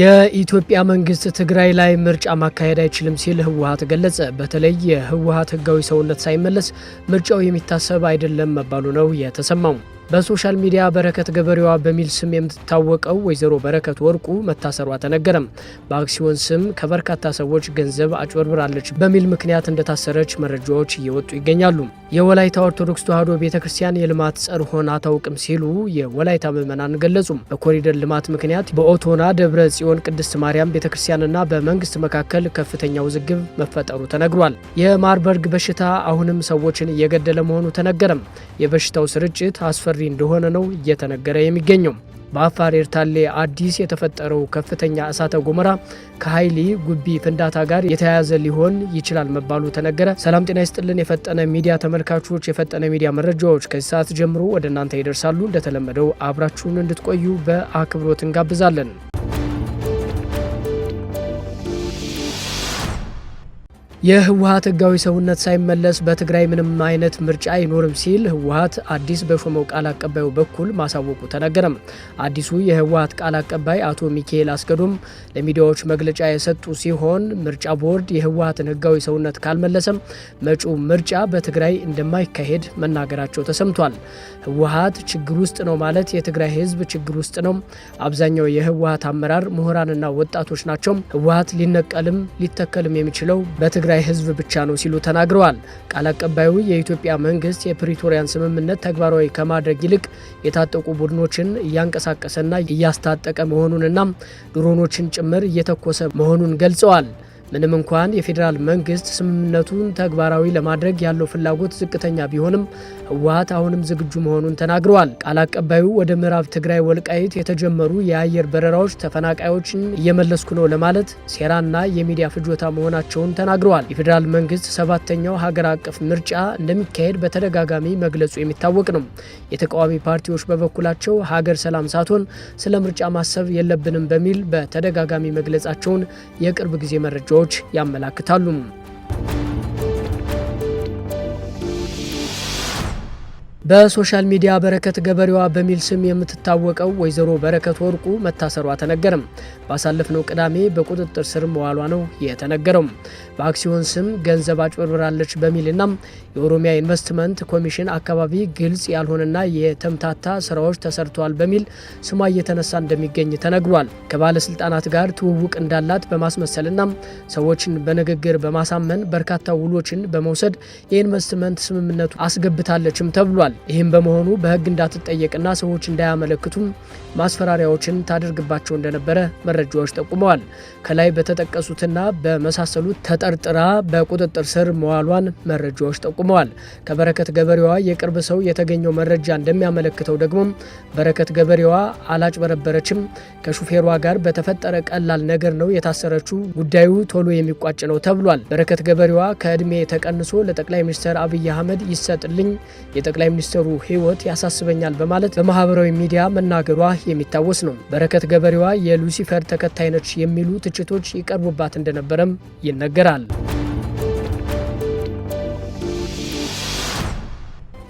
የኢትዮጵያ መንግስት ትግራይ ላይ ምርጫ ማካሄድ አይችልም ሲል ህወሀት ገለጸ። በተለይ የህወሀት ህጋዊ ሰውነት ሳይመለስ ምርጫው የሚታሰብ አይደለም መባሉ ነው የተሰማው። በሶሻል ሚዲያ በረከት ገበሬዋ በሚል ስም የምትታወቀው ወይዘሮ በረከት ወርቁ መታሰሯ ተነገረም። በአክሲዮን ስም ከበርካታ ሰዎች ገንዘብ አጭበርብራለች በሚል ምክንያት እንደታሰረች መረጃዎች እየወጡ ይገኛሉ። የወላይታ ኦርቶዶክስ ተዋሕዶ ቤተ ክርስቲያን የልማት ጸር ሆና አታውቅም ሲሉ የወላይታ ምዕመናን ገለጹም። በኮሪደር ልማት ምክንያት በኦቶና ደብረ ጽዮን ቅድስት ማርያም ቤተ ክርስቲያንና በመንግስት መካከል ከፍተኛ ውዝግብ መፈጠሩ ተነግሯል። የማርበርግ በሽታ አሁንም ሰዎችን እየገደለ መሆኑ ተነገረም። የበሽታው ስርጭት አስፈሪ እንደሆነ ነው እየተነገረ የሚገኘው። በአፋር ኤርታሌ አዲስ የተፈጠረው ከፍተኛ እሳተ ገሞራ ከሀይሊ ጉቢ ፍንዳታ ጋር የተያያዘ ሊሆን ይችላል መባሉ ተነገረ። ሰላም ጤና ይስጥልን የፈጠነ ሚዲያ ተመልካቾች፣ የፈጠነ ሚዲያ መረጃዎች ከዚህ ሰዓት ጀምሮ ወደ እናንተ ይደርሳሉ። እንደተለመደው አብራችሁን እንድትቆዩ በአክብሮት እንጋብዛለን። የህወሀት ህጋዊ ሰውነት ሳይመለስ በትግራይ ምንም አይነት ምርጫ አይኖርም ሲል ህወሀት አዲስ በሾመው ቃል አቀባዩ በኩል ማሳወቁ ተነገረም። አዲሱ የህወሀት ቃል አቀባይ አቶ ሚካኤል አስገዶም ለሚዲያዎች መግለጫ የሰጡ ሲሆን ምርጫ ቦርድ የህወሀትን ህጋዊ ሰውነት ካልመለሰም መጪው ምርጫ በትግራይ እንደማይካሄድ መናገራቸው ተሰምቷል። ህወሀት ችግር ውስጥ ነው ማለት የትግራይ ህዝብ ችግር ውስጥ ነው። አብዛኛው የህወሀት አመራር ምሁራንና ወጣቶች ናቸው። ህወሀት ሊነቀልም ሊተከልም የሚችለው በትግራይ የትግራይ ህዝብ ብቻ ነው ሲሉ ተናግረዋል። ቃል አቀባዩ የኢትዮጵያ መንግስት የፕሪቶሪያን ስምምነት ተግባራዊ ከማድረግ ይልቅ የታጠቁ ቡድኖችን እያንቀሳቀሰና እያስታጠቀ መሆኑንና ድሮኖችን ጭምር እየተኮሰ መሆኑን ገልጸዋል። ምንም እንኳን የፌዴራል መንግስት ስምምነቱን ተግባራዊ ለማድረግ ያለው ፍላጎት ዝቅተኛ ቢሆንም ህወሀት አሁንም ዝግጁ መሆኑን ተናግረዋል። ቃል አቀባዩ ወደ ምዕራብ ትግራይ ወልቃይት የተጀመሩ የአየር በረራዎች ተፈናቃዮችን እየመለስኩ ነው ለማለት ሴራና የሚዲያ ፍጆታ መሆናቸውን ተናግረዋል። የፌዴራል መንግስት ሰባተኛው ሀገር አቀፍ ምርጫ እንደሚካሄድ በተደጋጋሚ መግለጹ የሚታወቅ ነው። የተቃዋሚ ፓርቲዎች በበኩላቸው ሀገር ሰላም ሳትሆን ስለ ምርጫ ማሰብ የለብንም በሚል በተደጋጋሚ መግለጻቸውን የቅርብ ጊዜ መረጃዎች ያመላክታሉ። በሶሻል ሚዲያ በረከት ገበሬዋ በሚል ስም የምትታወቀው ወይዘሮ በረከት ወርቁ መታሰሯ ተነገረም። ባሳለፍነው ቅዳሜ በቁጥጥር ስር መዋሏ ነው የተነገረው። በአክሲዮን ስም ገንዘብ አጭበርብራለች በሚልና የኦሮሚያ ኢንቨስትመንት ኮሚሽን አካባቢ ግልጽ ያልሆነና የተምታታ ስራዎች ተሰርተዋል በሚል ስሟ እየተነሳ እንደሚገኝ ተነግሯል። ከባለስልጣናት ጋር ትውውቅ እንዳላት በማስመሰልና ሰዎችን በንግግር በማሳመን በርካታ ውሎችን በመውሰድ የኢንቨስትመንት ስምምነቱ አስገብታለችም ተብሏል። ይህም በመሆኑ በህግ እንዳትጠየቅና ሰዎች እንዳያመለክቱም ማስፈራሪያዎችን ታደርግባቸው እንደነበረ መረጃዎች ጠቁመዋል። ከላይ በተጠቀሱትና በመሳሰሉት ተጠርጥራ በቁጥጥር ስር መዋሏን መረጃዎች ጠቁመዋል። ከበረከት ገበሬዋ የቅርብ ሰው የተገኘው መረጃ እንደሚያመለክተው ደግሞ በረከት ገበሬዋ አላጭበረበረችም፣ ከሹፌሯ ጋር በተፈጠረ ቀላል ነገር ነው የታሰረችው፣ ጉዳዩ ቶሎ የሚቋጭ ነው ተብሏል። በረከት ገበሬዋ ከእድሜ ተቀንሶ ለጠቅላይ ሚኒስትር አብይ አህመድ ይሰጥልኝ የጠቅላይ ሚኒስትሩ ህይወት ያሳስበኛል በማለት በማህበራዊ ሚዲያ መናገሯ የሚታወስ ነው። በረከት ገበሬዋ የሉሲፈር ተከታይ ነች የሚሉ ትችቶች ይቀርቡባት እንደነበረም ይነገራል።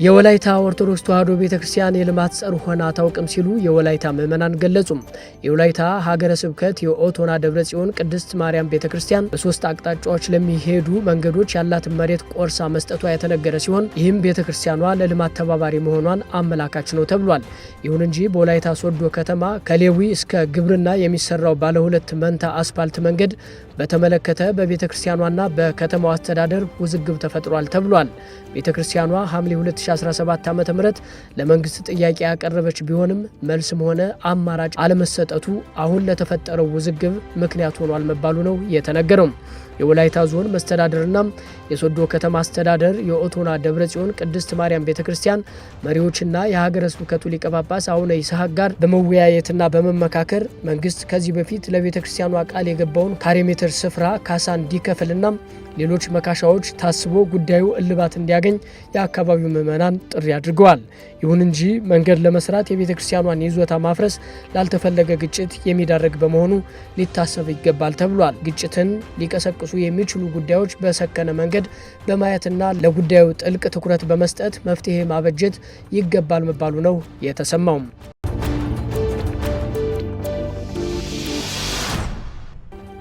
የወላይታ ኦርቶዶክስ ተዋሕዶ ቤተ ክርስቲያን የልማት ጸር ሆና አታውቅም ሲሉ የወላይታ ምዕመናን ገለጹም። የወላይታ ሀገረ ስብከት የኦቶና ደብረ ጽዮን ቅድስት ማርያም ቤተ ክርስቲያን በሶስት አቅጣጫዎች ለሚሄዱ መንገዶች ያላትን መሬት ቆርሳ መስጠቷ የተነገረ ሲሆን ይህም ቤተ ክርስቲያኗ ለልማት ተባባሪ መሆኗን አመላካች ነው ተብሏል። ይሁን እንጂ በወላይታ ሶዶ ከተማ ከሌዊ እስከ ግብርና የሚሰራው ባለሁለት መንታ አስፋልት መንገድ በተመለከተ በቤተ ክርስቲያኗና በከተማው አስተዳደር ውዝግብ ተፈጥሯል ተብሏል። ቤተ ክርስቲያኗ ሐምሌ 2017 ዓ ም ለመንግስት ጥያቄ ያቀረበች ቢሆንም መልስም ሆነ አማራጭ አለመሰጠቱ አሁን ለተፈጠረው ውዝግብ ምክንያት ሆኗል መባሉ ነው የተነገረው። የወላይታ ዞን መስተዳደርና የሶዶ ከተማ አስተዳደር የኦቶና ደብረ ጽዮን ቅድስት ማርያም ቤተ ክርስቲያን መሪዎችና የሀገረ ስብከቱ ሊቀ ጳጳስ አቡነ ይስሐቅ ጋር በመወያየትና በመመካከር መንግስት ከዚህ በፊት ለቤተ ክርስቲያኗ ቃል የገባውን ካሬ ሜትር ስፍራ ካሳ እንዲከፍልና ሌሎች መካሻዎች ታስቦ ጉዳዩ እልባት እንዲያገኝ የአካባቢው ምዕመናን ምዕመናን ጥሪ አድርገዋል። ይሁን እንጂ መንገድ ለመስራት የቤተ ክርስቲያኗን ይዞታ ማፍረስ ላልተፈለገ ግጭት የሚዳረግ በመሆኑ ሊታሰብ ይገባል ተብሏል። ግጭትን ሊቀሰቅሱ የሚችሉ ጉዳዮች በሰከነ መንገድ በማየትና ለጉዳዩ ጥልቅ ትኩረት በመስጠት መፍትሄ ማበጀት ይገባል መባሉ ነው የተሰማውም።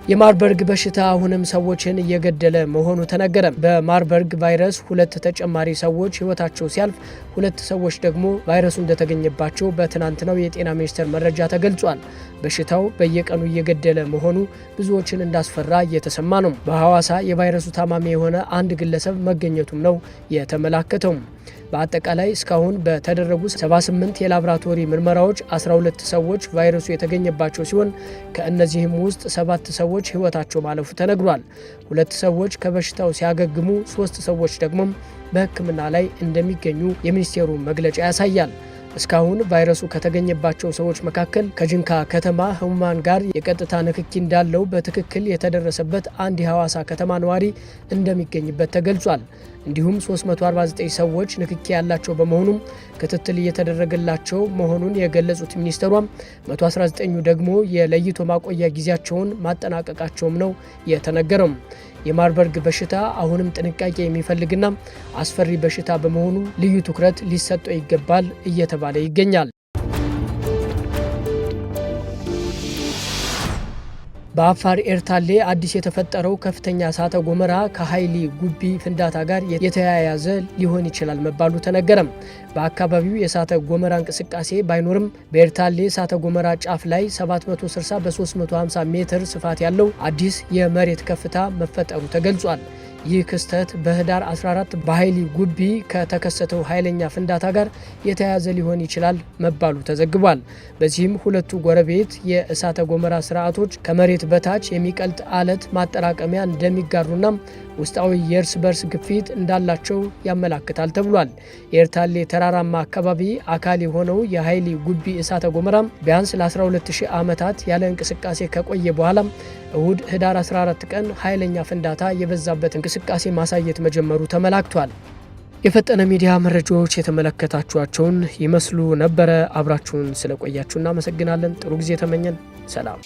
የማርበርግ በሽታ አሁንም ሰዎችን እየገደለ መሆኑ ተነገረ። በማርበርግ ቫይረስ ሁለት ተጨማሪ ሰዎች ህይወታቸው ሲያልፍ ሁለት ሰዎች ደግሞ ቫይረሱ እንደተገኘባቸው በትናንትናው የጤና ሚኒስቴር መረጃ ተገልጿል። በሽታው በየቀኑ እየገደለ መሆኑ ብዙዎችን እንዳስፈራ እየተሰማ ነው። በሐዋሳ የቫይረሱ ታማሚ የሆነ አንድ ግለሰብ መገኘቱም ነው የተመላከተውም። በአጠቃላይ እስካሁን በተደረጉ 78 የላብራቶሪ ምርመራዎች 12 ሰዎች ቫይረሱ የተገኘባቸው ሲሆን ከእነዚህም ውስጥ ሰባት ሰዎች ህይወታቸው ማለፉ ተነግሯል። ሁለት ሰዎች ከበሽታው ሲያገግሙ፣ ሶስት ሰዎች ደግሞ በሕክምና ላይ እንደሚገኙ የሚኒስቴሩ መግለጫ ያሳያል። እስካሁን ቫይረሱ ከተገኘባቸው ሰዎች መካከል ከጅንካ ከተማ ህሙማን ጋር የቀጥታ ንክኪ እንዳለው በትክክል የተደረሰበት አንድ የሐዋሳ ከተማ ነዋሪ እንደሚገኝበት ተገልጿል። እንዲሁም 349 ሰዎች ንክኪ ያላቸው በመሆኑም ክትትል እየተደረገላቸው መሆኑን የገለጹት ሚኒስትሯም 119ኙ ደግሞ የለይቶ ማቆያ ጊዜያቸውን ማጠናቀቃቸውም ነው የተነገረው። የማርበርግ በሽታ አሁንም ጥንቃቄ የሚፈልግና አስፈሪ በሽታ በመሆኑ ልዩ ትኩረት ሊሰጠው ይገባል እየተባለ ይገኛል። በአፋር ኤርታሌ አዲስ የተፈጠረው ከፍተኛ እሳተ ጎመራ ከኃይሊ ጉቢ ፍንዳታ ጋር የተያያዘ ሊሆን ይችላል መባሉ ተነገረም። በአካባቢው የእሳተ ጎመራ እንቅስቃሴ ባይኖርም በኤርታሌ እሳተ ጎመራ ጫፍ ላይ 760 በ350 ሜትር ስፋት ያለው አዲስ የመሬት ከፍታ መፈጠሩ ተገልጿል። ይህ ክስተት በህዳር 14 በኃይሊ ጉቢ ከተከሰተው ኃይለኛ ፍንዳታ ጋር የተያያዘ ሊሆን ይችላል መባሉ ተዘግቧል። በዚህም ሁለቱ ጎረቤት የእሳተ ጎመራ ስርዓቶች ከመሬት በታች የሚቀልጥ አለት ማጠራቀሚያ እንደሚጋሩና ውስጣዊ የእርስ በርስ ግፊት እንዳላቸው ያመላክታል ተብሏል። የኤርታሌ ተራራማ አካባቢ አካል የሆነው የኃይሊ ጉቢ እሳተ ጎመራ ቢያንስ ለ120 ዓመታት ያለ እንቅስቃሴ ከቆየ በኋላ እሁድ ህዳር 14 ቀን ኃይለኛ ፍንዳታ የበዛበት እንቅስቃሴ ማሳየት መጀመሩ ተመላክቷል። የፈጠነ ሚዲያ መረጃዎች የተመለከታችኋቸውን ይመስሉ ነበረ። አብራችሁን ስለቆያችሁ እናመሰግናለን። ጥሩ ጊዜ ተመኘን። ሰላም